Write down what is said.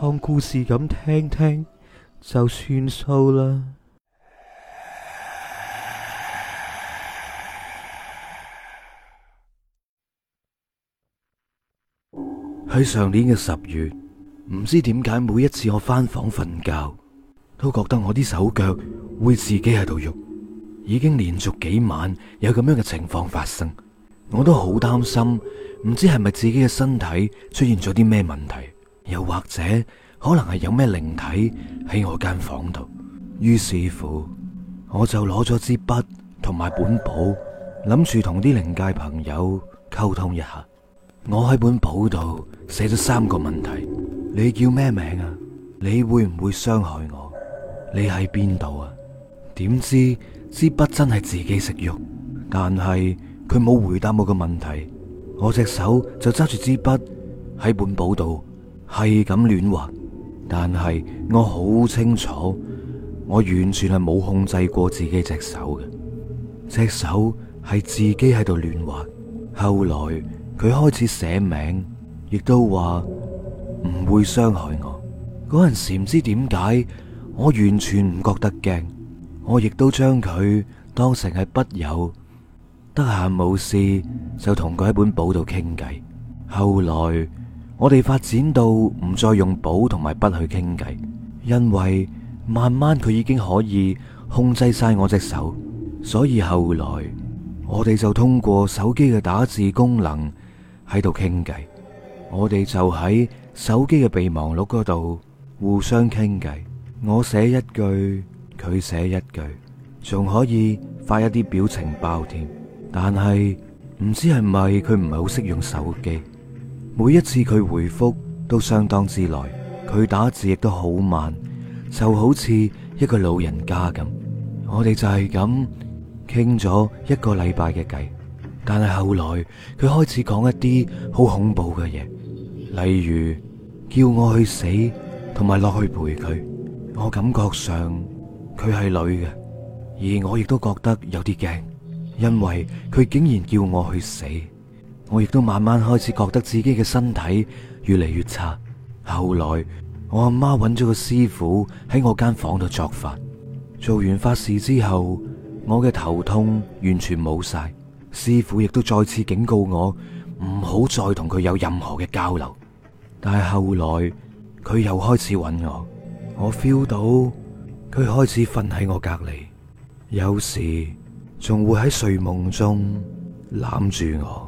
當故事咁聽聽就算數啦。喺上年嘅十月，唔知點解每一次我翻房瞓覺，都覺得我啲手腳會自己喺度喐，已經連續幾晚有咁樣嘅情況發生，我都好擔心，唔知係咪自己嘅身體出現咗啲咩問題。又或者可能係有咩靈體喺我間房度，於是乎我就攞咗支筆同埋本簿，諗住同啲靈界朋友溝通一下。我喺本簿度寫咗三個問題：你叫咩名啊？你會唔會傷害我？你喺邊度啊？點知支筆真係自己食肉，但係佢冇回答我個問題。我隻手就揸住支筆喺本簿度。係咁亂畫，但係我好清楚，我完全係冇控制過自己隻手嘅，隻手係自己喺度亂畫。後來佢開始寫名，亦都話唔會傷害我。嗰陣時唔知點解，我完全唔覺得驚，我亦都將佢當成係筆友。得閒冇事就同佢喺本簿度傾偈。後來。我哋發展到唔再用簿同埋筆去傾偈，因為慢慢佢已經可以控制晒我隻手，所以後來我哋就通過手機嘅打字功能喺度傾偈。我哋就喺手機嘅備忘錄嗰度互相傾偈，我寫一句，佢寫一句，仲可以發一啲表情包添。但係唔知係咪佢唔係好識用手機？每一次佢回覆都相當之耐，佢打字亦都好慢，就好似一個老人家咁。我哋就係咁傾咗一個禮拜嘅偈，但係後來佢開始講一啲好恐怖嘅嘢，例如叫我去死同埋落去陪佢。我感覺上佢係女嘅，而我亦都覺得有啲驚，因為佢竟然叫我去死。我亦都慢慢開始覺得自己嘅身體越嚟越差。後來我阿媽揾咗個師傅喺我間房度作法，做完法事之後，我嘅頭痛完全冇晒。師傅亦都再次警告我唔好再同佢有任何嘅交流。但係後來佢又開始揾我，我 feel 到佢開始瞓喺我隔籬，有時仲會喺睡夢中攬住我。